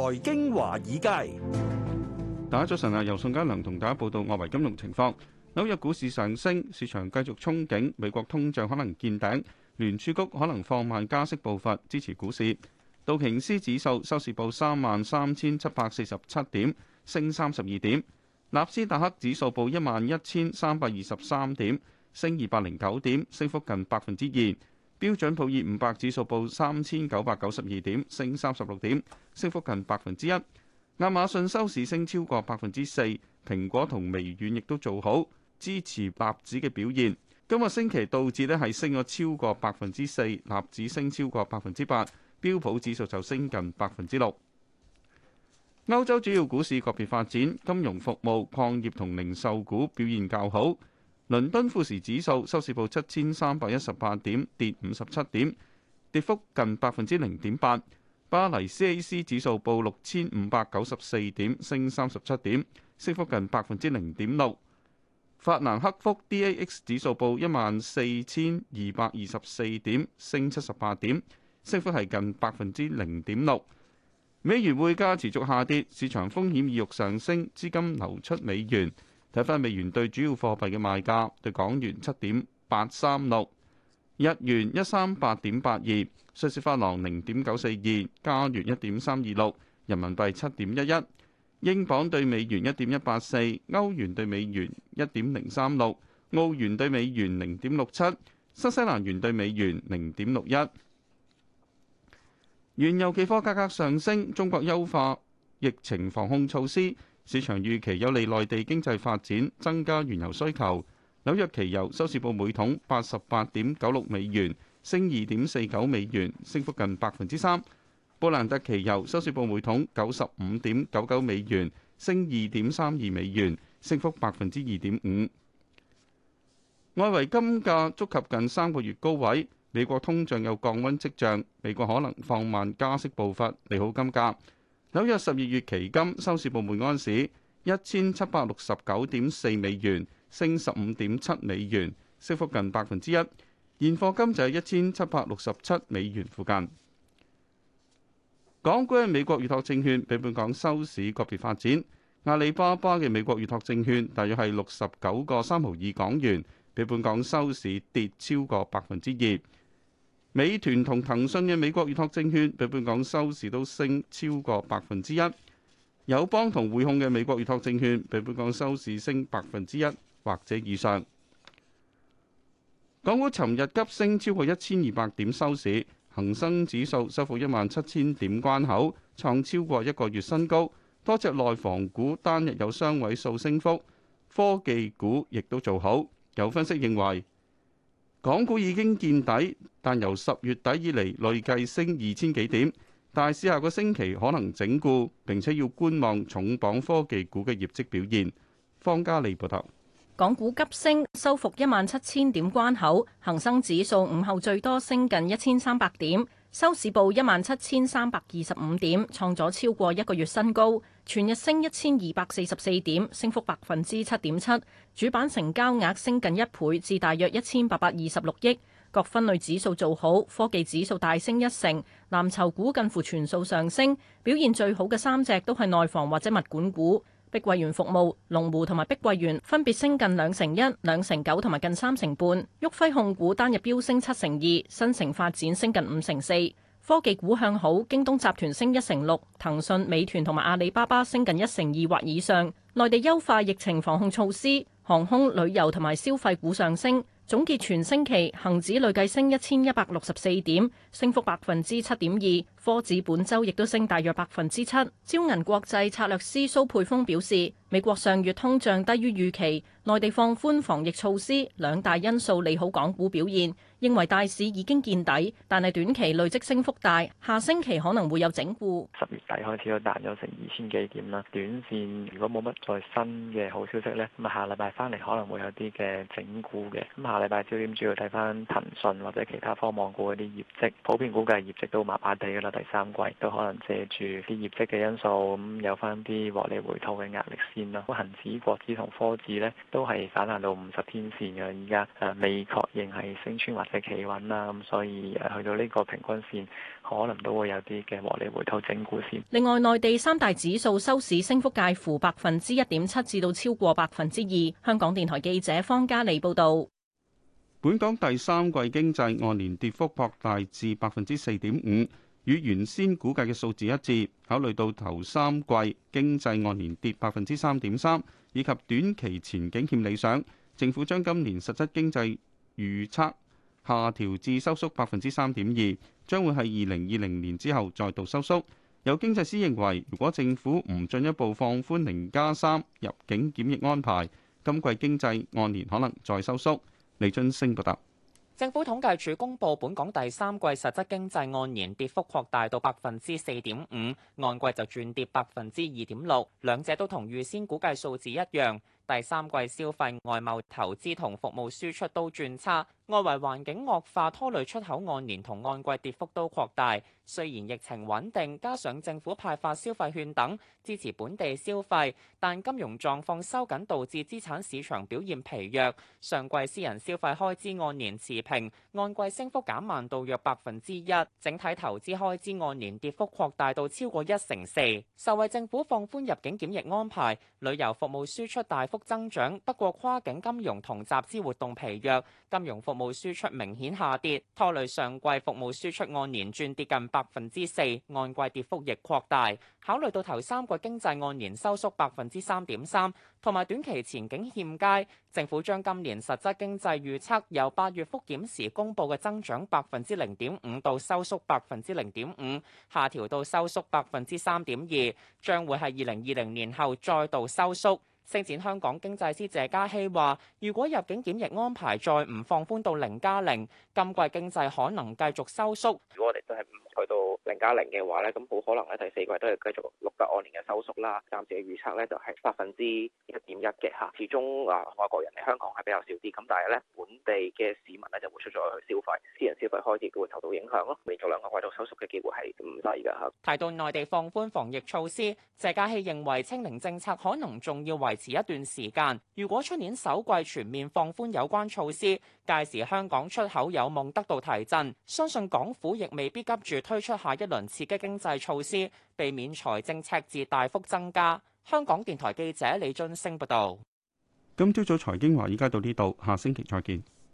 財經華爾街，大家早晨啦。由宋嘉良同大家報道外圍金融情況。紐約股市上升，市場繼續憧憬美國通脹可能見頂，聯儲局可能放慢加息步伐，支持股市。道瓊斯指數收市報三萬三千七百四十七點，升三十二點。納斯達克指數報一萬一千三百二十三點，升二百零九點，升幅近百分之二。標準普爾五百指數報三千九百九十二點，升三十六點，升幅近百分之一。亞馬遜收市升超過百分之四，蘋果同微軟亦都做好支持納指嘅表現。今個星期道指呢係升咗超過百分之四，納指升超過百分之八，標普指數就升近百分之六。歐洲主要股市個別發展，金融服務、礦業同零售股表現較好。倫敦富時指數收市報七千三百一十八點，跌五十七點，跌幅近百分之零點八。巴黎 CAC 指數報六千五百九十四點，升三十七點，升幅近百分之零點六。法蘭克福 DAX 指數報一萬四千二百二十四點，升七十八點，升幅係近百分之零點六。美元匯價持續下跌，市場風險意欲上升，資金流出美元。睇翻美元對主要貨幣嘅賣價，對港元七點八三六，日元一三八點八二，瑞士法郎零點九四二，加元一點三二六，人民幣七點一一，英鎊對美元一點一八四，歐元對美元一點零三六，澳元對美元零點六七，新西蘭元對美元零點六一。原油期貨價格上升，中國優化疫情防控措施。市場預期有利內地經濟發展，增加原油需求。紐約期油收市報每桶八十八點九六美元，升二點四九美元，升幅近百分之三。布蘭特期油收市報每桶九十五點九九美元，升二點三二美元，升幅百分之二點五。外圍金價觸及近三個月高位，美國通脹有降溫跡象，美國可能放慢加息步伐，利好金價。紐約十二月期金收市報每安市一千七百六十九點四美元，升十五點七美元，升幅近百分之一。現貨金就係一千七百六十七美元附近。港股嘅美國預託證券比本港收市個別發展，阿里巴巴嘅美國預託證券大約係六十九個三毫二港元，比本港收市跌超過百分之二。美團同騰訊嘅美國預託證券，比本港收市都升超過百分之一；友邦同匯控嘅美國預託證券，比本港收市升百分之一或者以上。港股尋日急升超過一千二百點，收市恒生指數收復一萬七千點關口，創超過一個月新高。多隻內房股單日有雙位數升幅，科技股亦都做好。有分析認為。港股已經見底，但由十月底以嚟累計升二千幾點，大市下個星期可能整固，並且要觀望重磅科技股嘅業績表現。方家利報道，港股急升，收復一萬七千點關口，恒生指數午後最多升近一千三百點，收市報一萬七千三百二十五點，創咗超過一個月新高。全日升一千二百四十四點，升幅百分之七點七，主板成交額升近一倍，至大約一千八百二十六億。各分類指數做好，科技指數大升一成，藍籌股近乎全數上升。表現最好嘅三隻都係內房或者物管股，碧桂園服務、龍湖同埋碧桂園分別升近兩成一、兩成九同埋近三成半。旭輝控股單日飆升七成二，新城發展升近五成四。科技股向好，京東集團升一成六，騰訊、美團同埋阿里巴巴升近一成二或以上。內地優化疫情防控措施，航空、旅遊同埋消費股上升。總結全星期，恒指累計升一千一百六十四點，升幅百分之七點二。科指本周亦都升大約百分之七。招銀國際策略師蘇佩峰表示，美國上月通脹低於預期，內地放寬防疫措施，兩大因素利好港股表現。認為大市已經見底，但係短期累積升幅大，下星期可能會有整固。十月底開始都彈咗成二千幾點啦。短線如果冇乜再新嘅好消息咧，咁啊下禮拜翻嚟可能會有啲嘅整固嘅。咁下禮拜焦點主要睇翻騰訊或者其他科網股嗰啲業績，普遍估計業績都麻麻地㗎啦。第三季都可能借住啲業績嘅因素，咁有翻啲獲利回吐嘅壓力先啦。個恆指國、國指同科指呢都係反彈到五十天線㗎，而家誒未確認係升穿還？嘅企穩啦，咁所以誒去到呢個平均線可能都會有啲嘅獲利回吐整固先。另外，內地三大指數收市升幅介乎百分之一點七至到超過百分之二。香港電台記者方嘉利報道。本港第三季經濟按年跌幅擴大至百分之四點五，與原先估計嘅數字一致。考慮到頭三季經濟按年跌百分之三點三，以及短期前景欠理想，政府將今年實質經濟預測。下調至收縮百分之三點二，將會喺二零二零年之後再度收縮。有經濟師認為，如果政府唔進一步放寬零加三入境檢疫安排，今季經濟按年可能再收縮。李津升報道。政府統計處公布本港第三季實質經濟按年跌幅擴大到百分之四點五，按季就轉跌百分之二點六，兩者都同預先估計數字一樣。第三季消費、外貿、投資同服務輸出都轉差，外圍環境惡化拖累出口按年同按季跌幅都擴大。雖然疫情穩定，加上政府派發消費券等支持本地消費，但金融狀況收緊導致資產市場表現疲弱。上季私人消費開支按年持平，按季升幅減慢到約百分之一。整體投資開支按年跌幅擴大到超過一成四。受惠政府放寬入境檢疫安排，旅遊服務輸出大幅增長，不過跨境金融同集資活動疲弱，金融服務輸出明顯下跌，拖累上季服務輸出按年轉跌近百分之四，按季跌幅亦擴大。考慮到頭三個月經濟按年收縮百分之三點三，同埋短期前景欠佳，政府將今年實質經濟預測由八月覆檢時公布嘅增長百分之零點五到收縮百分之零點五，下調到收縮百分之三點二，將會係二零二零年後再度收縮。星展香港經濟師謝家希話，如果入境檢疫安排再唔放寬到零加零，0, 今季經濟可能繼續收縮。零加零嘅話咧，咁好可能咧第四季都係繼續錄得按年嘅收縮啦。暫時嘅預測咧就係百分之一點一嘅吓。始終啊，外國人嚟香港係比較少啲，咁但係咧本地嘅市民咧就會出咗去消費，私人消費開支佢會受到影響咯。連續兩個季度收縮嘅機會，係唔低㗎嚇。提到內地放寬防疫措施，謝家希認為清零政策可能仲要維持一段時間。如果出年首季全面放寬有關措施，屆時香港出口有望得到提振。相信港府亦未必急住推出下。一輪刺激經濟措施，避免財政赤字大幅增加。香港電台記者李津升報導。今朝早財經華，依家到呢度，下星期再見。